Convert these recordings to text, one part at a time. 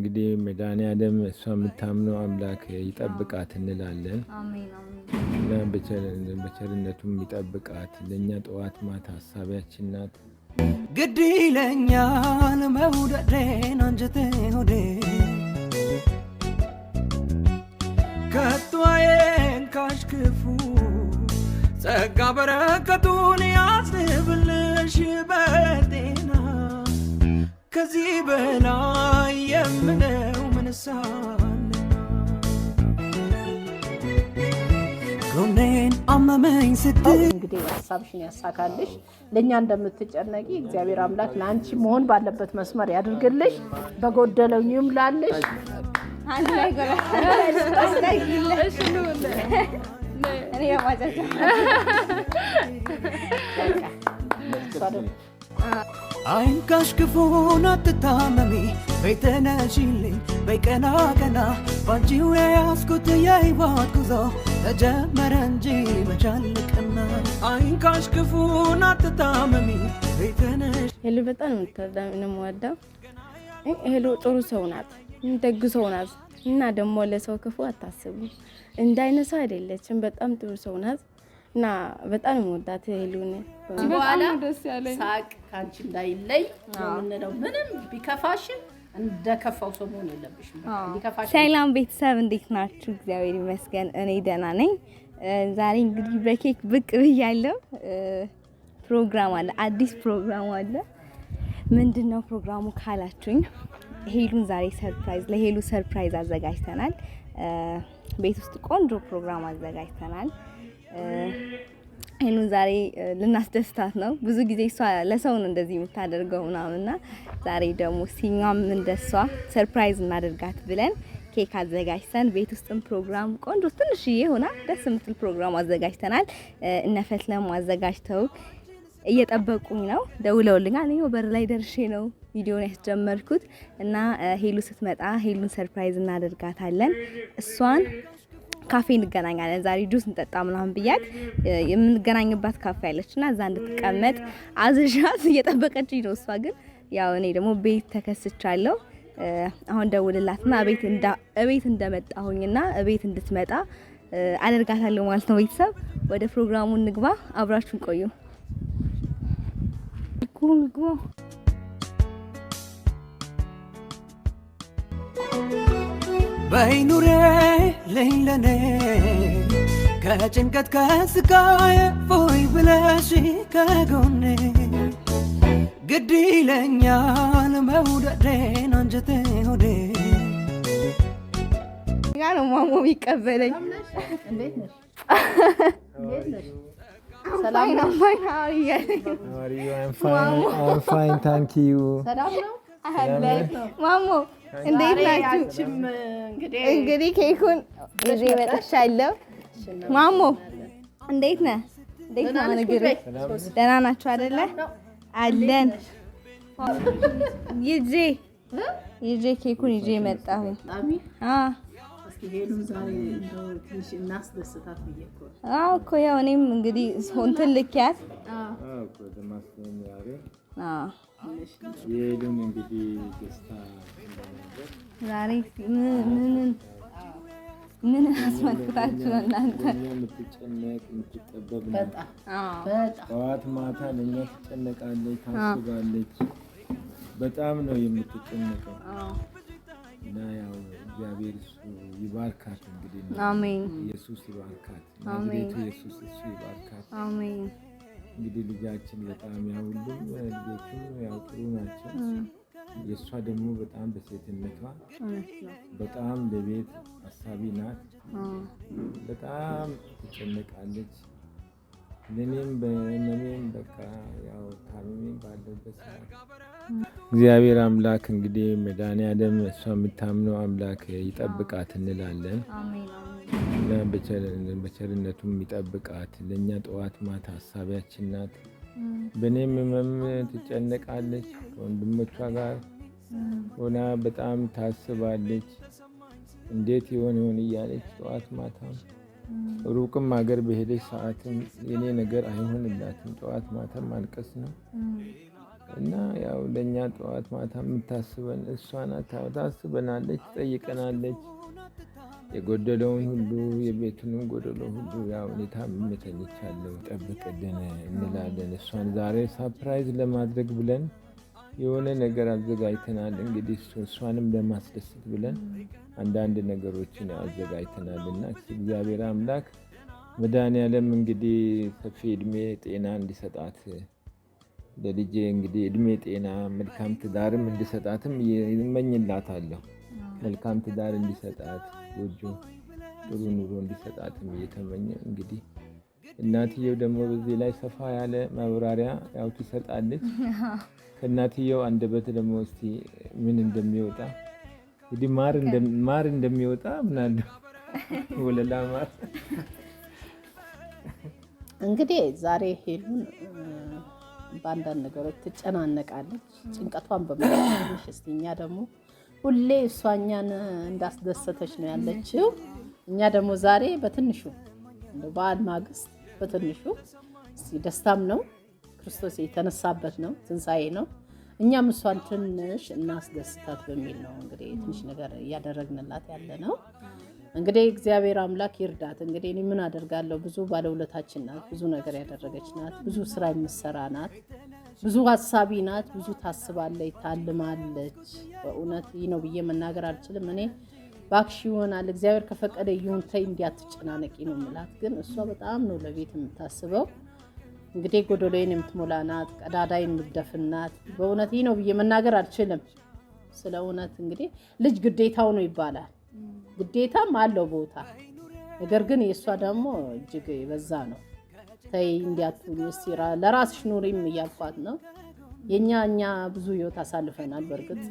እንግዲህ መድኃኒዓለም እሷ የምታምነው አምላክ ይጠብቃት እንላለን። እና በቸርነቱም ይጠብቃት። ለእኛ ጠዋት ማታ ሀሳቢያችን ናት። ግድ ይለኛል መውደዴን አንጀቴ ሆዴ ከቷዬን ካሽክፉ ጸጋ በረከቱን ያስብልሽ በጤና ከዚህ በላይ የምለው ምንሳለ ጎኔን አመመኝ ስትል እንግዲህ ሀሳብሽን ያሳካልሽ። ለእኛ እንደምትጨነቂ እግዚአብሔር አምላክ ለአንቺ መሆን ባለበት መስመር ያድርግልሽ፣ በጎደለው ይሙላልሽ። እኔ አይንካሽ ክፉን አትታመሚ ቤት በይቀና ቀና ባንቺው የያዝኩት የሕይወት ጉዞ ተጀመረ እንጂ መች አለቀና። አይንካሽ ክፉን አትታመሚ ቤት ነሽ ሄሉ በጣም የምወዳው ሄሉ ጥሩ ሰው ናት፣ ደግ ሰው ናት እና ደግሞ ለሰው ክፉ አታስቡ እንዳይነሳ አይደለችም። በጣም ጥሩ ሰው ናት። እና በጣም የምወዳት ሄሉን በኋላ ሳቅ ከአንቺ እንዳይለይ የምንለው ምንም ቢከፋሽም እንደከፋው ሰው መሆን የለብሽም። ሰላም ቤተሰብ እንዴት ናችሁ? እግዚአብሔር ይመስገን እኔ ደህና ነኝ። ዛሬ እንግዲህ በኬክ ብቅ ብያለሁ። ፕሮግራም አለ፣ አዲስ ፕሮግራም አለ። ምንድን ነው ፕሮግራሙ ካላችሁኝ፣ ሄሉን ዛሬ ሰርፕራይዝ ለሄሉ ሰርፕራይዝ አዘጋጅተናል። ቤት ውስጥ ቆንጆ ፕሮግራም አዘጋጅተናል። ይህንን ዛሬ ልናስደስታት ነው። ብዙ ጊዜ እሷ ለሰው ነው እንደዚህ የምታደርገው ምናምንና ዛሬ ደግሞ ሲኛም እንደሷ ሰርፕራይዝ እናደርጋት ብለን ኬክ አዘጋጅተን ቤት ውስጥም ፕሮግራም ቆንጆ ትንሽዬ ሆና ደስ የምትል ፕሮግራም አዘጋጅተናል። እነፈትለም አዘጋጅተው እየጠበቁኝ ነው። ደውለውልኛል። እኔ በር ላይ ደርሼ ነው ቪዲዮን ያስጀመርኩት እና ሄሉ ስትመጣ ሄሉን ሰርፕራይዝ እናደርጋታለን እሷን ካፌ እንገናኛለን፣ ዛሬ ጁስ እንጠጣ ምናምን ብያት የምንገናኝባት ካፌ አለች እና እዛ እንድትቀመጥ አዝዣት እየጠበቀችኝ ነው። እሷ ግን ያው እኔ ደግሞ ቤት ተከስቻለሁ። አሁን ደውልላትና እቤት እንደመጣሁኝና እቤት እንድትመጣ አደርጋታለሁ ማለት ነው። ቤተሰብ ወደ ፕሮግራሙ እንግባ፣ አብራችሁን ቆዩ። በይኑሬ ልኝ ከጭንቀት ከስቃዬ ፎይ ብለሽ ከጎኔ ግድ ይለኛል መውደዴን አንጀቴ ሆዴ ጋር ነው ማሞ ይቀበለኝ። ሰላም ነው ማሞ እንዴት ናችሁ? እንግዲህ ኬኩን ይዤ መጥቻለሁ። ማሞ እንዴት ነህ? እንዴት ነው ንግሩ? ደህና ናችሁ አይደለ? አለን ይዤ ይዤ ኬኩን ይዤ መጣሁ። አዎ እኮ ያው እኔም እንግዲህ ሆን ትልኪያት ይሄን እንግዲህ ደስታ ዛሬ ምን ምን አስመልክታችሁ እናንተ የምትጨነቅ የምትጠበብ ጠዋት ማታ ለእኛ ትጨነቃለች፣ ታስባለች። በጣም ነው የምትጨነቀው እና ያው እግዚአብሔር እሱ ይባርካት። እንግዲህ ኢየሱስ ይባርካት። ቤቱ ኢየሱስ እሱ ይባርካት። አሜን እንግዲህ ልጃችን በጣም ያሁሉም ልጆቹ ያው ጥሩ ናቸው። የእሷ ደግሞ በጣም በሴትነቷ በጣም ለቤት አሳቢ ናት። በጣም ትጨነቃለች። ለእኔም በመሜም በቃ ያው ታምሜ ባለበት ሰዓት እግዚአብሔር አምላክ እንግዲህ መድኃኔዓለም እሷ የምታምነው አምላክ ይጠብቃት እንላለን። በቸርነቱም የሚጠብቃት ለእኛ ጠዋት ማታ ሀሳቢያችን ናት። በእኔም ህመም ትጨነቃለች። ከወንድሞቿ ጋር ሆና በጣም ታስባለች። እንዴት ይሆን ይሆን እያለች ጠዋት ማታ ሩቅም ሀገር በሄደች ሰዓትም የኔ ነገር አይሆንላትም። ጠዋት ማታ ማልቀስ ነው እና ያው ለእኛ ጠዋት ማታ የምታስበን እሷ ናት። ታስበናለች፣ ትጠይቀናለች የጎደለውን ሁሉ የቤቱንም ጎደሎ ሁሉ ያው ሁኔታ ምመተልቻለሁ ጠብቅልን እንላለን። እሷን ዛሬ ሳፕራይዝ ለማድረግ ብለን የሆነ ነገር አዘጋጅተናል። እንግዲህ እሷንም ለማስደሰት ብለን አንዳንድ ነገሮችን አዘጋጅተናል እና እግዚአብሔር አምላክ መድኃኒዓለም እንግዲህ ሰፊ እድሜ ጤና እንዲሰጣት ለልጄ እንግዲህ እድሜ ጤና መልካም ትዳርም እንዲሰጣትም ይመኝላታለሁ። መልካም ትዳር እንዲሰጣት ጎጆ ጥሩ ኑሮ እንዲሰጣትም እየተመኘ እንግዲህ እናትየው ደግሞ በዚህ ላይ ሰፋ ያለ ማብራሪያ ያው ትሰጣለች። ከእናትየው አንደበት ደግሞ እስቲ ምን እንደሚወጣ እንግዲህ ማር እንደሚወጣ ምናለ ወለላ ማር እንግዲህ ዛሬ ሄሉን በአንዳንድ ነገሮች ትጨናነቃለች። ጭንቀቷን በመሽ እስቲ እኛ ደግሞ ሁሌ እሷ እኛን እንዳስደሰተች ነው ያለችው። እኛ ደግሞ ዛሬ በትንሹ በዓል ማግስት በትንሹ ደስታም ነው ክርስቶስ የተነሳበት ነው ትንሣኤ ነው። እኛም እሷን ትንሽ እናስደስታት በሚል ነው እንግዲህ ትንሽ ነገር እያደረግንላት ያለ ነው። እንግዲህ እግዚአብሔር አምላክ ይርዳት። እንግዲህ እኔ ምን አደርጋለሁ? ብዙ ባለውለታችን ናት፣ ብዙ ነገር ያደረገች ናት፣ ብዙ ስራ የምትሰራ ናት። ብዙ ሀሳቢ ናት፣ ብዙ ታስባለች፣ ታልማለች። በእውነት ይህ ነው ብዬ መናገር አልችልም። እኔ ባክሽ ይሆናል እግዚአብሔር ከፈቀደ ይሁን ተይ እንዲያትጨናነቂ ነው ምላት። ግን እሷ በጣም ነው ለቤት የምታስበው። እንግዲህ ጎዶሎዬን የምትሞላ ናት፣ የምደፍናት ናት። በእውነት ይህ ነው ብዬ መናገር አልችልም። ስለ እውነት እንግዲህ ልጅ ግዴታው ነው ይባላል። ግዴታም አለው ቦታ ነገር ግን የእሷ ደግሞ እጅግ የበዛ ነው። ተይ እንዲያትሁኝ ሲራ ለራስሽ ኑሪም እያልኳት ነው። የእኛ እኛ ብዙ ህይወት አሳልፈናል። በእርግጥ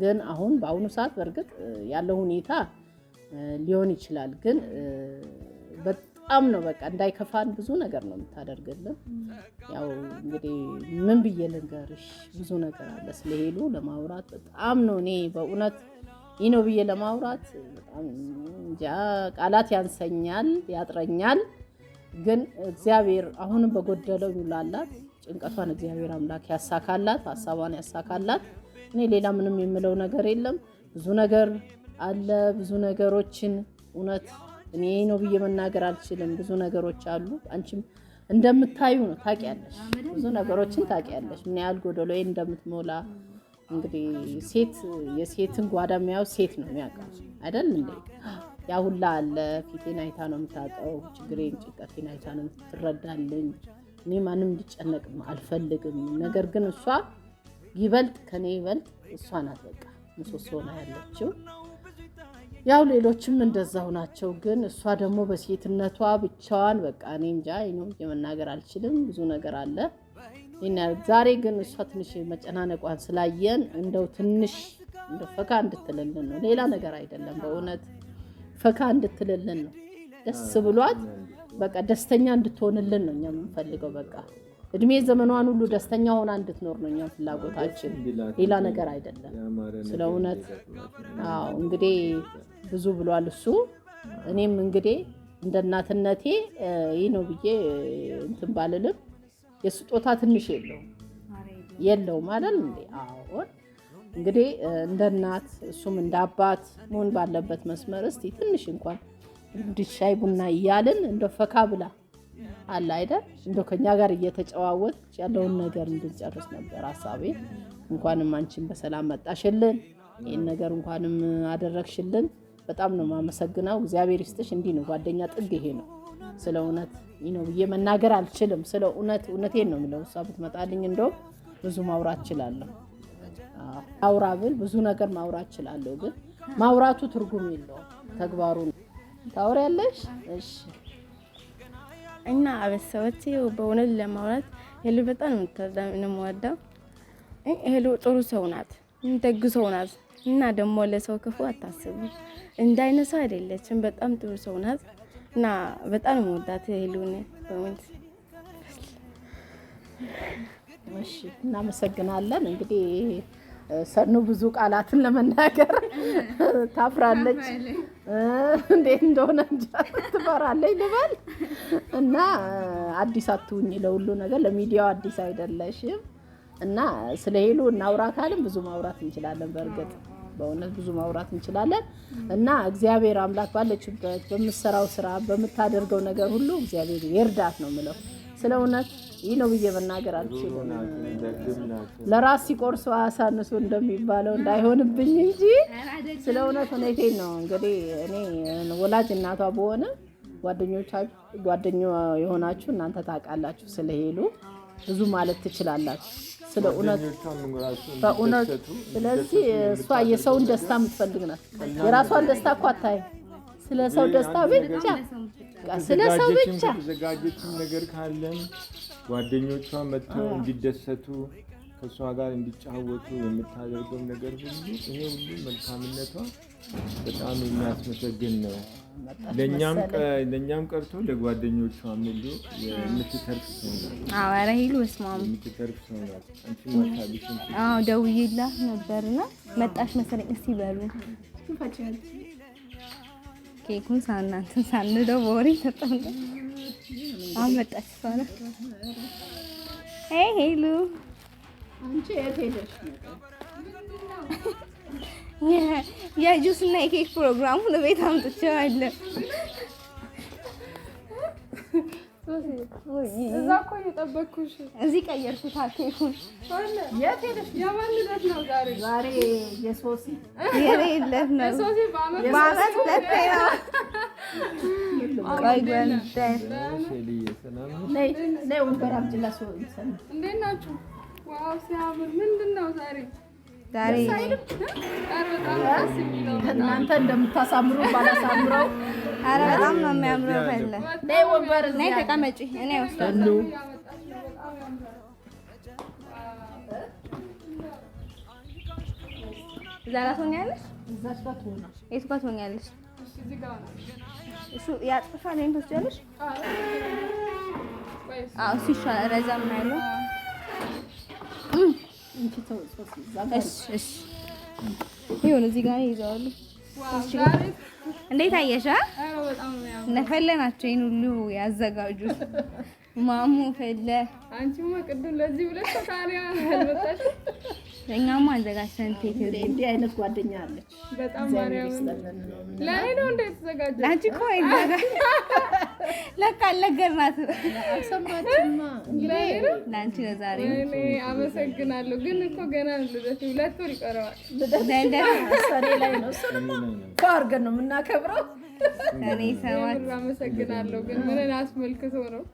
ግን አሁን በአሁኑ ሰዓት በእርግጥ ያለው ሁኔታ ሊሆን ይችላል። ግን በጣም ነው በቃ እንዳይከፋን ብዙ ነገር ነው የምታደርግልን። ያው እንግዲህ ምን ብዬ ልንገርሽ፣ ብዙ ነገር አለ ስለሄሉ ለማውራት በጣም ነው እኔ በእውነት ይህ ነው ብዬ ለማውራት በጣም ቃላት ያንሰኛል፣ ያጥረኛል። ግን እግዚአብሔር አሁንም በጎደለው ይሙላላት። ጭንቀቷን እግዚአብሔር አምላክ ያሳካላት፣ ሀሳቧን ያሳካላት። እኔ ሌላ ምንም የምለው ነገር የለም። ብዙ ነገር አለ፣ ብዙ ነገሮችን እውነት እኔ ነው ብዬ መናገር አልችልም። ብዙ ነገሮች አሉ። አንቺም እንደምታዩ ነው ታውቂያለሽ፣ ብዙ ነገሮችን ታውቂያለሽ፣ ምን ያህል ጎደሎ እንደምትሞላ እንግዲህ ሴት የሴትን ጓዳ የሚያው ሴት ነው የሚያውቀው አይደል እንዴ? ያ ሁላ አለ። ፊቴን አይታ ነው የምታውቀው። ችግሬን ጭንቀቴን አይታ ነው የምትረዳልኝ። እኔ ማንም እንዲጨነቅም አልፈልግም። ነገር ግን እሷ ይበልጥ ከኔ ይበልጥ እሷ ናት በቃ ምሰሶ ሆና ያለችው። ያው ሌሎችም እንደዛው ናቸው። ግን እሷ ደግሞ በሴትነቷ ብቻዋን በቃ እኔ እንጃ ነው የመናገር አልችልም። ብዙ ነገር አለ። ዛሬ ግን እሷ ትንሽ መጨናነቋን ስላየን እንደው ትንሽ እንደፈካ እንድትልልን ነው፣ ሌላ ነገር አይደለም በእውነት ፈካ እንድትልልን ነው። ደስ ብሏት በቃ ደስተኛ እንድትሆንልን ነው እኛ የምንፈልገው። በቃ እድሜ ዘመኗን ሁሉ ደስተኛ ሆና እንድትኖር ነው እኛ ፍላጎታችን፣ ሌላ ነገር አይደለም። ስለ እውነት አዎ፣ እንግዲህ ብዙ ብሏል እሱ። እኔም እንግዲህ እንደ እናትነቴ ይህ ነው ብዬ እንትን ባልልም የስጦታ ትንሽ የለውም የለውም አይደል? አዎን እንግዲህ እንደ እናት እሱም እንደ አባት መሆን ባለበት መስመር እስቲ ትንሽ እንኳን ሻይ ቡና እያልን እንደ ፈካ ብላ አለ አይደል እንደ ከኛ ጋር እየተጨዋወተች ያለውን ነገር እንድንጨርስ ነበር ሀሳቤ። እንኳንም አንቺን በሰላም መጣሽልን፣ ይህን ነገር እንኳንም አደረግሽልን። በጣም ነው የማመሰግነው። እግዚአብሔር ይስጥሽ። እንዲህ ነው ጓደኛ ጥግ፣ ይሄ ነው ስለ እውነት ነው ብዬ መናገር አልችልም። ስለ እውነት እውነቴን ነው የሚለው እሷ ብትመጣልኝ እንደውም ብዙ ማውራት እችላለሁ። አውራ ብል ብዙ ነገር ማውራት እችላለሁ፣ ግን ማውራቱ ትርጉም የለውም። ተግባሩ ታወሪያለሽ። እሺ እና አበሰዎች በእውነት ለማውራት ሄሉ በጣም የምወደው ሄሉ ጥሩ ሰው ናት፣ ደግ ሰው ናት። እና ደግሞ ለሰው ክፉ አታስቡ እንዳይነሳ አይደለችም። በጣም ጥሩ ሰው ናት እና በጣም የምወዳት ሄሉን በእውነት እሺ። እናመሰግናለን እንግዲህ ሰኑ ብዙ ቃላትን ለመናገር ታፍራለች። እንዴት እንደሆነ ትፈራለች ልበል እና አዲስ አትሁኝ፣ ለሁሉ ነገር ለሚዲያው አዲስ አይደለሽም እና ስለ ሄሉ እናውራ ካልን ብዙ ማውራት እንችላለን። በእርግጥ በእውነት ብዙ ማውራት እንችላለን እና እግዚአብሔር አምላክ ባለችበት በምትሰራው ስራ በምታደርገው ነገር ሁሉ እግዚአብሔር ይርዳት ነው የምለው። ስለ እውነት ይህ ነው ብዬ መናገር አልችልም። ለራስ ሲቆርሱ አሳንሶ እንደሚባለው እንዳይሆንብኝ እንጂ ስለ እውነት ነው። እንግዲህ እኔ ወላጅ እናቷ በሆነ ጓደኞ የሆናችሁ እናንተ ታውቃላችሁ። ስለሄሉ ብዙ ማለት ትችላላችሁ። ስለ እውነት በእውነት ስለዚህ እሷ የሰውን ደስታ የምትፈልግ ናት። የራሷን ደስታ እኮ አታይም። ስለ ሰው ደስታ ብቻ ስለ ሰው ብቻ የተዘጋጀችም ነገር ካለን ጓደኞቿ መጥተው እንዲደሰቱ ከእሷ ጋር እንዲጫወቱ የምታደርገው ነገር ሁሉ ይሄ ሁሉ መልካምነቷ በጣም የሚያስመሰግን ነው። ለእኛም ቀርቶ ለጓደኞቿ ሁሉ የምትተርፍ ሰው ናት። ኧረ ሂሉ ስማሙ የምትተርፍ ሰው ናት። አንቺ ማሳቢሽን ደውዬላት ነበርና መጣሽ መሰለኝ እስቲ በሉ ኬኩን ሳናንተ ሳንደው በወሬ ተጣለ። አሁን መጣች ሄሉ የጁስ እና የኬክ ፕሮግራሙን ቤት አምጥቼው አለ እዛ እኮ እየጠበኩሽ እዚህ ቀየርኩት። አኬኩሽ የት ሄደሽ? የማን ዕለት ነው ዛሬ? ዛሬ የሶሲ የእኔ ዕለት ነው። በዓመት ሁለቴ ነው። ቆይ ጎንደር ነይ ወንበር አምጪላ። እንዴት ናችሁ? ዋው ሲያምር! ምንድን ነው ዛሬ ዛሬ እናንተ እንደምታሳምሩ ባላሳምረው አረ በጣም ነው የሚያምረው። ነይ ተቀመጪ፣ እኔ እወስዳለሁ። እዛ ጋር ትሆኛለሽ፣ የቱ ጋር ትሆኛለሽ? እሱ ያጥፋል። እኔን ትወስጃለሽ? አዎ፣ እሱ ይሻላል። ረዛም ነው ያለው። እሺ፣ እሺ፣ ይሁን። እዚህ ጋር ይዘዋለሁ እንዴት አየሻ? ነፈለናቸው ይህን ሁሉ ያዘጋጁት ማሙ ፈለ አንቺማ ቅድም ለዚህ ብለሽ ታሪያ አልበታሽ። እኛማ አዘጋጅተን ቴክ እንዲህ አይነት ጓደኛ አለች በጣም ማርያም። ለኔ ነው እንደ ተዘጋጀ አንቺ እኮ ይዘጋ ለካ አልነገርናት አልሰማችማ። ለአንቺ ነው ዛሬ። እኔ አመሰግናለሁ። ግን እኮ ገና ልደት ሁለት ወር ይቀረዋል። ሰኔ ላይ ነው እሱንማ አድርገን ነው የምናከብረው። እኔ ሰማት አመሰግናለሁ። ግን ምንን አስመልክቶ ነው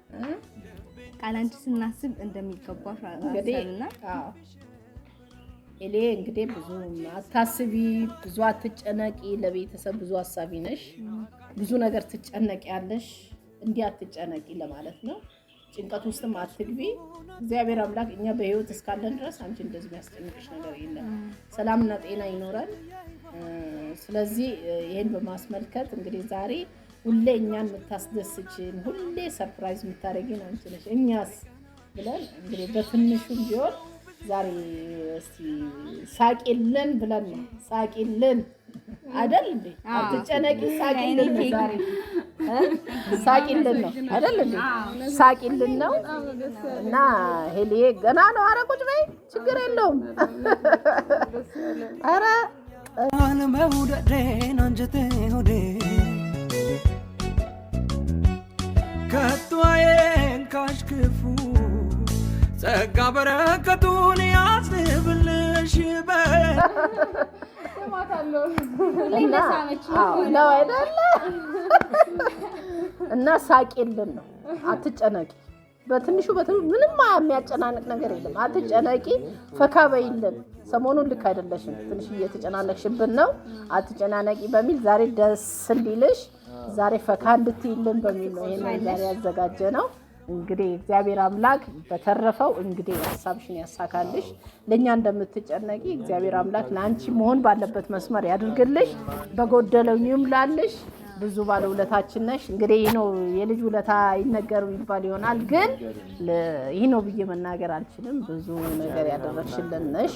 ቃል ስናስብ እንደሚገባሽ አሰብና እኔ እንግዲህ ብዙ አታስቢ፣ ብዙ አትጨነቂ። ለቤተሰብ ብዙ አሳቢ ነሽ፣ ብዙ ነገር ትጨነቂያለሽ። እንዲህ አትጨነቂ ለማለት ነው። ጭንቀት ውስጥም አትግቢ። እግዚአብሔር አምላክ እኛ በህይወት እስካለን ድረስ አንቺ እንደዚህ የሚያስጨንቅሽ ነገር የለም። ሰላምና ጤና ይኖረን። ስለዚህ ይህን በማስመልከት እንግዲህ ዛሬ ሁሌ እኛን የምታስደስችን ሁሌ ሰርፕራይዝ የምታደርጊን አንቺ ነሽ፣ እኛስ ብለን እንግዲህ በትንሹም ቢሆን ዛሬ እስቲ ሳቂልን ብለን ነው። ሳቂልን አይደል እንዴ? አትጨነቂ፣ ሳቂልን ነው ዛሬ ሳቂልን ነው አይደል እንዴ? ሳቂልን ነው እና ሄልዬ ገና ነው። አረ ቁጭ በይ፣ ችግር የለውም። አረ መውደዴን አንጀቴ ሆዴ ከቷዬን ካሽክፉ ጸጋ በረከቱን ያዝንብልሽ በል ሳቂልን ነው፣ አትጨነቂ። በትንሹ ምንም የሚያጨናንቅ ነገር የለም። አትጨነቂ፣ ፈካ በይልን። ሰሞኑን ልክ አይደለሽም፣ ትንሽ እየተጨናነቅሽብን ነው፣ አትጨናነቂ በሚል ዛሬ ደስ እንዲልሽ ዛሬ ፈካ እንድትይልን በሚል ነው ይሄን ዛሬ ያዘጋጀ ነው። እንግዲህ እግዚአብሔር አምላክ በተረፈው እንግዲህ ሀሳብሽን ያሳካልሽ። ለእኛ እንደምትጨነቂ እግዚአብሔር አምላክ ለአንቺ መሆን ባለበት መስመር ያድርግልሽ፣ በጎደለው ይሙላልሽ። ብዙ ባለውለታችን ነሽ። እንግዲህ ይህ ነው የልጅ ውለታ ይነገሩ ይባል ይሆናል፣ ግን ይህ ነው ብዬ መናገር አልችልም። ብዙ ነገር ያደረግሽልን ነሽ።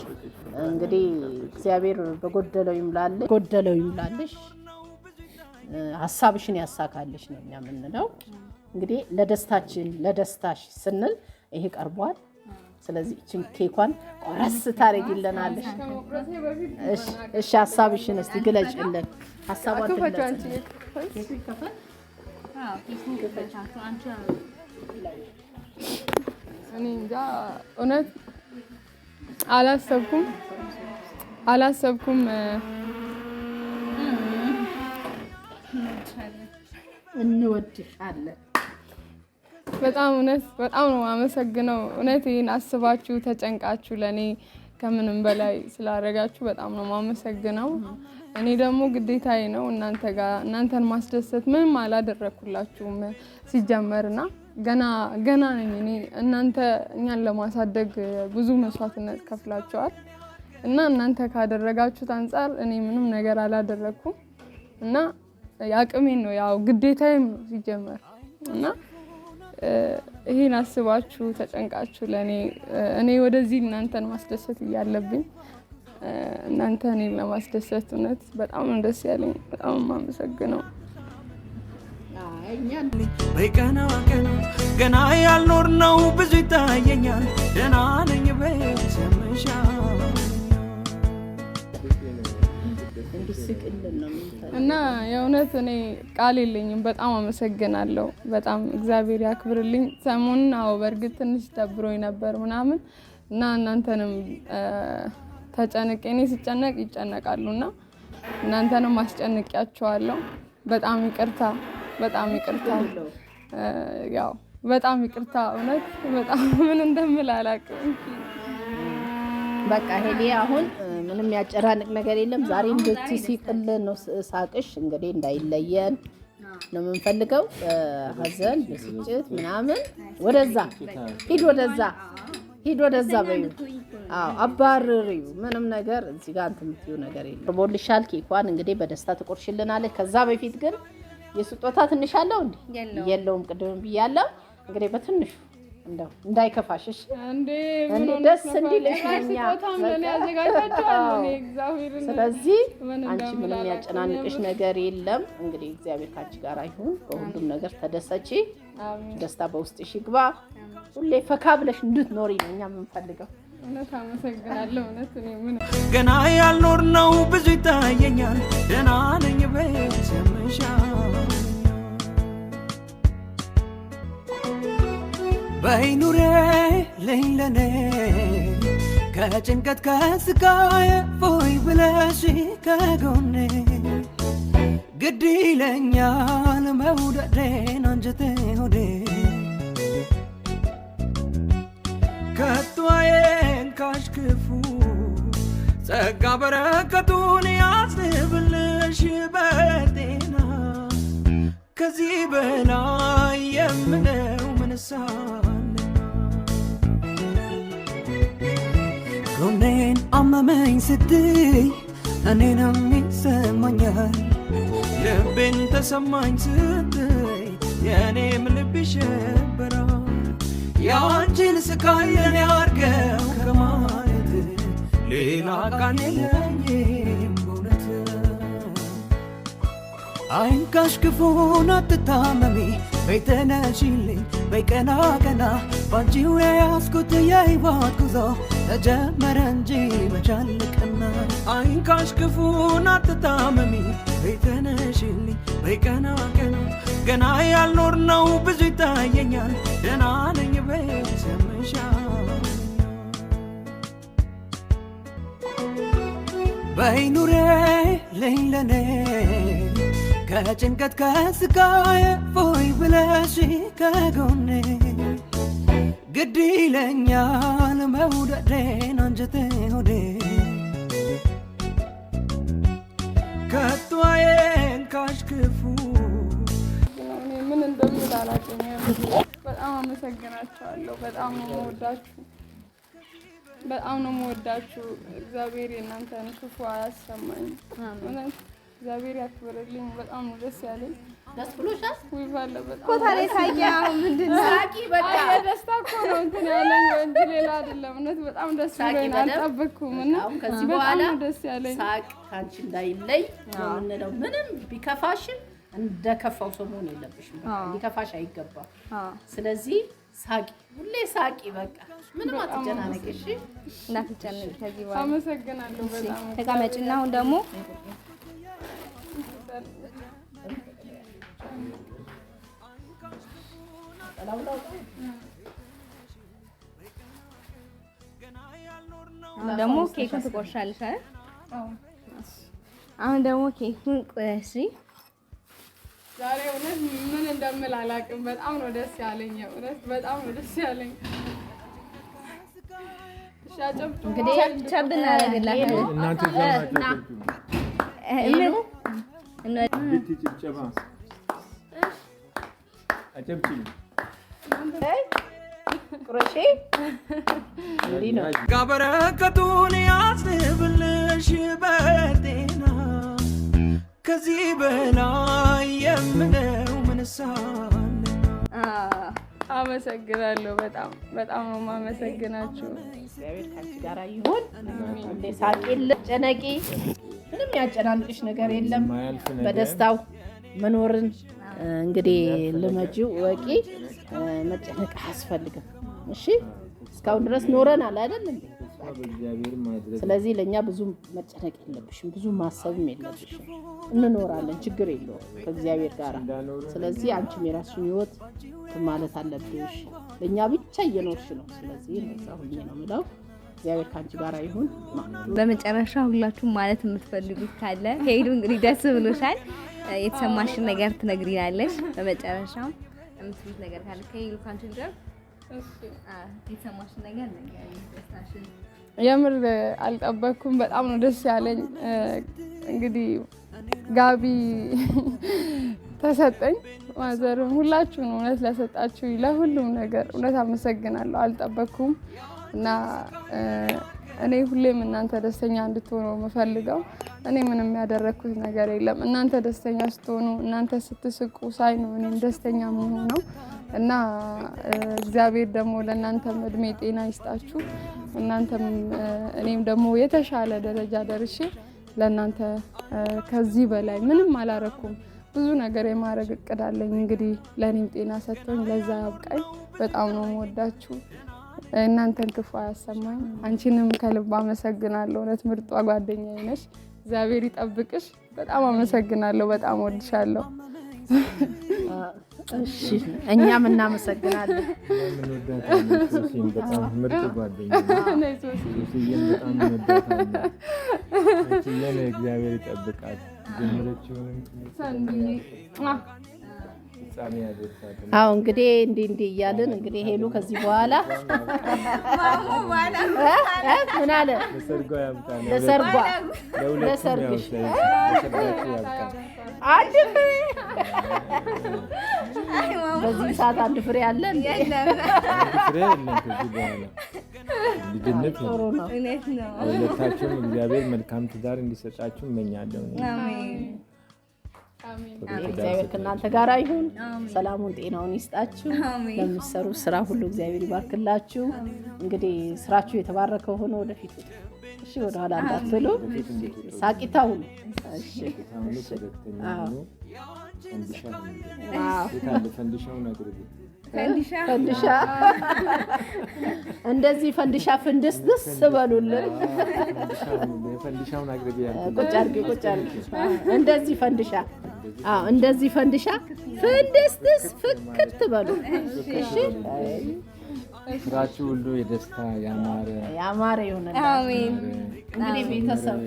እንግዲህ እግዚአብሔር በጎደለው ይምላልሽ፣ ጎደለው ይምላልሽ፣ ሀሳብሽን ያሳካልሽ ነው እኛ የምንለው። እንግዲህ ለደስታችን ለደስታሽ ስንል ይሄ ቀርቧል። ስለዚህ እቺን ኬኳን ቆረስ ታደርጊልናለሽ። እሺ ሀሳብሽን እስቲ ግለጭልን። እውነት አላሰብኩም አላሰብኩም። እንወድሻለን በጣም እውነት በጣም ነው አመሰግነው። እውነት ይህን አስባችሁ ተጨንቃችሁ ለእኔ ከምንም በላይ ስላደረጋችሁ በጣም ነው ማመሰግነው። እኔ ደግሞ ግዴታዬ ነው እናንተ ጋር እናንተን ማስደሰት ምንም አላደረግኩላችሁም ሲጀመርና ገና ገና ነኝ እኔ። እናንተ እኛን ለማሳደግ ብዙ መስዋዕትነት ከፍላችኋል እና እናንተ ካደረጋችሁት አንጻር እኔ ምንም ነገር አላደረግኩም እና የአቅሜን ነው ያው ግዴታዬም ነው ሲጀመር እና ይሄን አስባችሁ ተጨንቃችሁ ለእኔ እኔ ወደዚህ እናንተን ማስደሰት እያለብኝ እናንተ እኔን ለማስደሰት እውነት በጣም ነው ደስ ያለኝ። በጣም የማመሰግነው ገና ያልኖር ነው ብዙ ይታየኛል ደህና ነኝ በሰምሻ እና የእውነት እኔ ቃል የለኝም። በጣም አመሰግናለሁ። በጣም እግዚአብሔር ያክብርልኝ። ሰሞኑን አዎ፣ በእርግጥ ትንሽ ደብሮኝ ነበር ምናምን እና እናንተንም እኔ ስጨነቅ ይጨነቃሉ እና እናንተንም በጣም ይቅርታ፣ በጣም ይቅርታ፣ ያው በጣም ይቅርታ። እውነት በጣም ምን እንደምል አላውቅም። በቃ አሁን ምንም ያጨናንቅ ነገር የለም። ዛሬ እንደዚህ ሲቅልን ነው ሳቅሽ። እንግዲህ እንዳይለየን ነው የምንፈልገው። ሀዘን ብስጭት ምናምን ወደዛ ሂድ፣ ወደዛ ሂድ፣ ወደዛ በዩ አባርሪው። ምንም ነገር እዚህ ጋር እንትን የምትይው ነገር የለም። ርቦልሻል። ኬኳን እንግዲህ በደስታ ትቆርሽልናለች። ከዛ በፊት ግን የስጦታ ትንሽ አለው እንዲ የለውም ቅድም ብያለው። እንግዲህ በትንሹ እንደው እንዳይከፋሽ እሺ። እንዴ ደስ እንዲልሽ እኛ ስለዚህ አንቺ ምንም የሚያጨናንቅሽ ነገር የለም። እንግዲህ እግዚአብሔር ካንቺ ጋር ይሁን። በሁሉም ነገር ተደሰቺ፣ ደስታ በውስጥሽ ይግባ። ሁሌ ፈካ ብለሽ እንድትኖሪ ነው እኛ የምንፈልገው። እውነት አመሰግናለሁ። እውነት እኔ ምን ገና ያልኖር ነው ብዙ ይታየኛል። ደህና ነኝ ቤት ምሻ በይኑሬ ልኝ ለኔ ከጭንቀት ከስቃዬ ፎይ ብለሽ ከጎኔ ግድ ይለኛል መውደዴን አንጀቴ ሆዴ ከቷዬን ካሽክፉ ጸጋ በረከቱን ያስብልሽ በጤና ከዚህ በላይ የምነው ያነሳልና ጎኔን አመመኝ ስትይ እኔንም ይሰማኛል ልቤን ተሰማኝ ስትይ የእኔም ልብ ይሸበራል ያንቺን ስቃይ የኔ አርገው ከማለት ሌላ ቃል የለኝም በእውነት አይንካሽ ክፉን አትታመሚ ቤተነሽልኝ በይ ቀና ቀና ባንቺው የያዝኩት የህይወት ጉዞ ተጀመረ እንጂ መቻልቅና አይንካሽ ክፉን አትታመሚ ቤተነሽልኝ ወይ ቀና ቀና ገና ያልኖርነው ብዙ ይታየኛል ደህና ነኝ በይ ሰምሻል በይ ኑሬ ለኝ ከጭንቀት ከስቃይ ፎይ ብለሽ ከጎኔ ግድ ይለኛል መውደዴን አንጀቴ ሆዴ ከቷዬን ካሽክፉ ምን እንደምል አላውቅም። በጣም አመሰግናችኋለሁ። በጣም ነው የምወዳችሁ። በጣም ነው የምወዳችሁ። እግዚአብሔር የእናንተን ክፉ አያሰማኝ። እግዚአብሔር ያክብርልኝ። በጣም ደስ ያለኝ ደስ ብሎሻል ወይ? ባለ በጣም ኮታ ላይ ሳቂ። አሁን ምንድን ነው ሳቂ። በቃ ደስታ እኮ ነው እንትን ያለኝ እንጂ ሌላ አይደለም። እውነት በጣም ደስ ብሎኝ አልጠበቅኩም፣ እና ከዚህ በኋላ ደስ ያለኝ ሳቅ ካንቺ እንዳይለይ ምንለው። ምንም ቢከፋሽም እንደ ከፋው ሰው መሆን የለብሽም። ሊከፋሽ አይገባም። ስለዚህ ሳቂ፣ ሁሌ ሳቂ። በቃ ምንም አትጨናነቂ። እሺ፣ እንዳትጨነቂ ከዚህ በኋላ አመሰግናለሁ። በጣም ተቀመጭና አሁን ደግሞ ደግሞ ኬኩን ትቆርሻለሽ አይደል? አሁን ደግሞ ኬኩን ቆርሺ። ዛሬ እውነት ምን እንደምል አላውቅም። በጣም ነው ደስ ያለኝ፣ እውነት በጣም ነው ደስ ያለኝ። እንግዲህ ቸብ እናደርግላታለን። ቤቲ ጭብጨባ አጨብጭኝ። ቁረሺ እንዲህ ያስብልሽ በጤና ከዚህ በላይ የምለው ምንሳለ። አመሰግናለሁ። በጣም በጣም ነው የማመሰግናችሁ። እግዚአብሔር ከአንቺ ጋር ይሁን። እንደ ሳቅ ጨነቂ ምንም ያጨናንቅሽ ነገር የለም። በደስታው መኖርን እንግዲህ ልመጂው ወቂ መጨነቅ አያስፈልግም። እሺ እስካሁን ድረስ ኖረናል አይደል? ስለዚህ ለእኛ ብዙ መጨነቅ የለብሽም፣ ብዙ ማሰብም የለብሽም። እንኖራለን፣ ችግር የለውም ከእግዚአብሔር ጋር። ስለዚህ አንቺም የራስሽን ህይወት ማለት አለብሽ። ለእኛ ብቻ እየኖርሽ ነው። ስለዚህ ነው የምለው እግዚአብሔር ከአንቺ ጋር ይሁን። በመጨረሻ ሁላችሁም ማለት የምትፈልጉት ካለ ከሄዱ እንግዲህ ደስ ብሎሻል። የተሰማሽን ነገር ትነግሪናለሽ። በመጨረሻም የምትሉት ነገር ካለ ከሄዱ ከአንቺ ጋር የተሰማሽን ነገር የምር አልጠበኩም። በጣም ነው ደስ ያለኝ። እንግዲህ ጋቢ ተሰጠኝ። ማዘርም ሁላችሁን እውነት ለሰጣችሁ ለሁሉም ነገር እውነት አመሰግናለሁ። አልጠበኩም። እና እኔ ሁሌም እናንተ ደስተኛ እንድትሆኑ የምፈልገው። እኔ ምንም ያደረግኩት ነገር የለም። እናንተ ደስተኛ ስትሆኑ፣ እናንተ ስትስቁ ሳይ ነው እኔም ደስተኛ መሆነው እና እግዚአብሔር ደግሞ ለእናንተም እድሜ ጤና ይስጣችሁ። እናንተም እኔም ደግሞ የተሻለ ደረጃ ደርሼ ለእናንተ ከዚህ በላይ ምንም አላረኩም። ብዙ ነገር የማድረግ እቅድ አለኝ። እንግዲህ ለእኔም ጤና ሰጥቶኝ ለዛ ያብቃኝ። በጣም ነው የምወዳችሁ። እናንተን ክፉ አያሰማኝ። አንቺንም ከልብ አመሰግናለሁ። እውነት ምርጧ ጓደኛ ነሽ። እግዚአብሔር ይጠብቅሽ። በጣም አመሰግናለሁ። በጣም ወድሻለሁ። እሺ እኛም እናመሰግናለን። በጣም ምርጥ ጓደኛ በጣም አዎ እንግዲህ እንዲህ እንዲህ እያልን እንግዲህ ሄሉ ከዚህ በኋላ ምን አለ ለሰርጓ ለሰርግሽ አንድ ፍሬ በዚህ ሰዓት አንድ ፍሬ አለ። ልጅነት ነው። ሁለታችሁም እግዚአብሔር መልካም ትዳር እንዲሰጣችሁ እመኛለሁ። እግዚአብሔር ከእናንተ ጋር ይሁን። ሰላሙን ጤናውን ይስጣችሁ። ለሚሰሩ ስራ ሁሉ እግዚአብሔር ይባርክላችሁ። እንግዲህ ስራችሁ የተባረከ ሆኖ ወደፊት እሺ፣ ወደኋላ እንዳትሉ። ሳቂታ ሁኑ። ፈንድሻ እንደዚህ ፈንድሻ ፍንድስ ድስ በሉልን። ቁጭ አድርጊ፣ ቁጭ አድርጊ። እንደዚህ ፈንድሻ አዎ፣ እንደዚህ ፈንድሻ ፈንድስትስ ፍክት በሉ። እሺ ስራችሁ ሁሉ የደስታ ያማረ ያማረ ይሁንልን። አሜን። እንግዲህ ቤተሰብ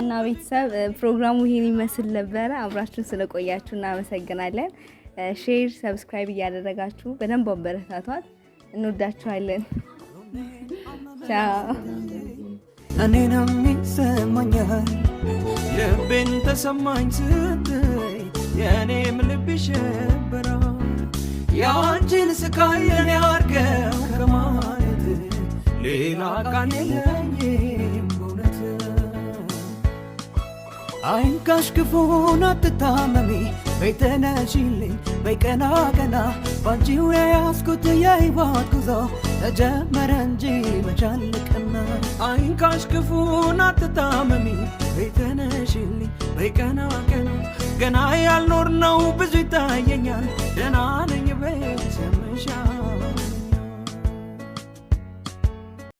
እና ቤተሰብ ፕሮግራሙ ይሄን ይመስል ነበረ። አብራችሁን ስለቆያችሁ እናመሰግናለን። ሼር፣ ሰብስክራይብ እያደረጋችሁ በደንብ አበረታቷት። እንወዳችኋለን። ቻው እኔንም ይሰማኛል ልቤን ተሰማኝ ስትይ የእኔም ልብ የአንቺን ስቃይ ከማለት ሌላ ቃል የለኝም አይንካሽ ክፉን አትታመሚ በይቀና ቀና ባንቺው የህይወት ጉዞ ተጀመረ እንጂ መቻልቅ ካሽ ክፉን አትታመሚ ቤተነሽልኝ በይቀና ቀን ገና ያልኖር ነው ብዙ ይታየኛል ደህና ነኝ